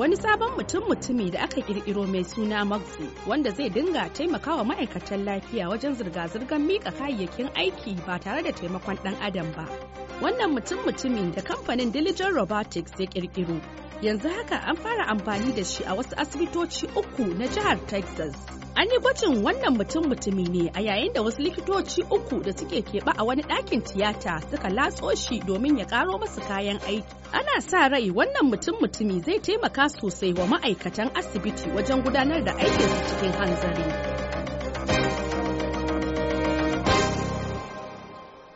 wani sabon mutum mutumi da aka kirkiro mai suna magzi wanda zai dinga taimakawa ma'aikatan lafiya wajen zirga-zirgar mika kayayyakin aiki ba tare da taimakon dan adam ba wannan mutum mutumi da kamfanin diligent robotics ya kirkiro yanzu haka an fara amfani da shi a wasu asibitoci uku na jihar texas An yi gwajin wannan mutum mutumi ne a yayin da wasu likitoci uku da suke keɓa a wani ɗakin tiyata suka latso shi domin ya ƙaro masu kayan aiki. Ana sa rai wannan mutum mutumi zai taimaka sosai wa ma'aikatan asibiti wajen gudanar da aikinsu cikin hanzari.